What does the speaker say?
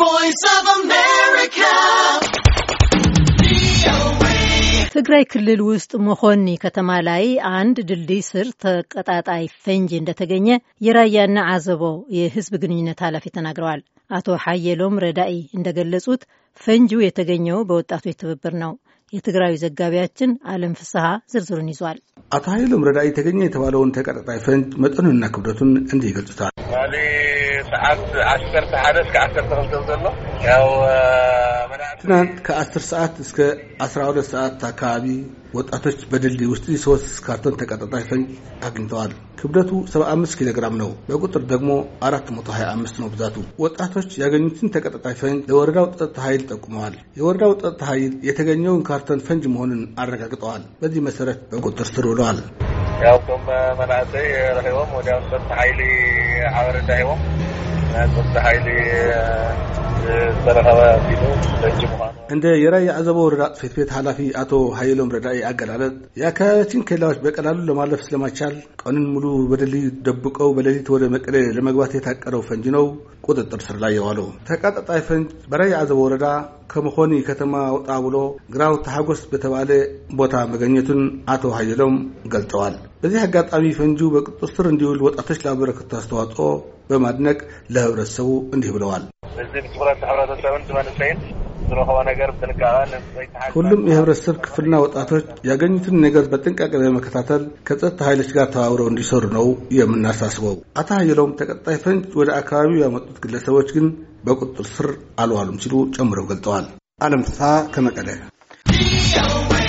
voice of America. ትግራይ ክልል ውስጥ መኾኒ ከተማ ላይ አንድ ድልድይ ስር ተቀጣጣይ ፈንጂ እንደተገኘ የራያና አዘቦ የህዝብ ግንኙነት ኃላፊ ተናግረዋል። አቶ ሓየሎም ረዳኢ እንደገለጹት ፈንጂው የተገኘው በወጣቶች ትብብር ነው። የትግራዊ ዘጋቢያችን አለም ፍስሀ ዝርዝሩን ይዟል። አቶ ሀይሎም ረዳኢ የተገኘ የተባለውን ተቀጣጣይ ፈንጅ መጠኑንና ክብደቱን እንዲህ ይገልጹታል። ትናንት ከ10 ሰዓት እስከ 12 ሰዓት አካባቢ ወጣቶች በድልድይ ውስጥ ሶስት ካርቶን ተቀጣጣይ ፈንጅ አግኝተዋል። ክብደቱ 75 ኪሎ ግራም ነው። በቁጥር ደግሞ 425 ነው ብዛቱ። ወጣቶች ያገኙትን ተቀጣጣይ ፈንጅ ለወረዳው ጸጥታ ኃይል ጠቁመዋል። የወረዳው ጸጥታ ኃይል የተገኘውን ካርቶን ፈንጅ መሆኑን አረጋግጠዋል። በዚህ መሰረት በቁጥር ስር ውለዋል። ያውም መናእሰይ ረኺቦም ወዲያ ንሰብቲ ሓይሊ ሓበሬታ ሂቦም ናይ ሰብቲ ሓይሊ እንደ የራያ የአዘቦ ወረዳ ጽሕፈት ቤት ኃላፊ አቶ ሀይሎም ረዳኢ አገላለጥ የአካባቢያችን ኬላዎች በቀላሉ ለማለፍ ስለማይቻል ቀኑን ሙሉ በሌሊት ደብቀው በሌሊት ወደ መቀሌ ለመግባት የታቀደው ፈንጅ ነው ቁጥጥር ስር ላይ የዋለው። ተቃጣጣይ ፈንጅ በራያ የአዘቦ ወረዳ ከመሆኒ ከተማ ወጣ ብሎ ግራው ተሐጎስ በተባለ ቦታ መገኘቱን አቶ ሀይሎም ገልጠዋል። በዚህ አጋጣሚ ፈንጁ በቁጥጥር ስር እንዲውል ወጣቶች ላበረከቱ አስተዋጽኦ በማድነቅ ለህብረተሰቡ እንዲህ ብለዋል። እዚህ ትኩረት ሕብረተሰብን ትመንሰይን ነገር ሁሉም የህብረተሰብ ክፍልና ወጣቶች ያገኙትን ነገር በጥንቃቄ በመከታተል ከጸጥታ ኃይሎች ጋር ተባብረው እንዲሰሩ ነው የምናሳስበው። አቶ ሀየሎም ተቀጣይ ፈንጅ ወደ አካባቢው ያመጡት ግለሰቦች ግን በቁጥጥር ስር አልዋሉም ሲሉ ጨምረው ገልጠዋል። አለም ፍስሐ ከመቀለ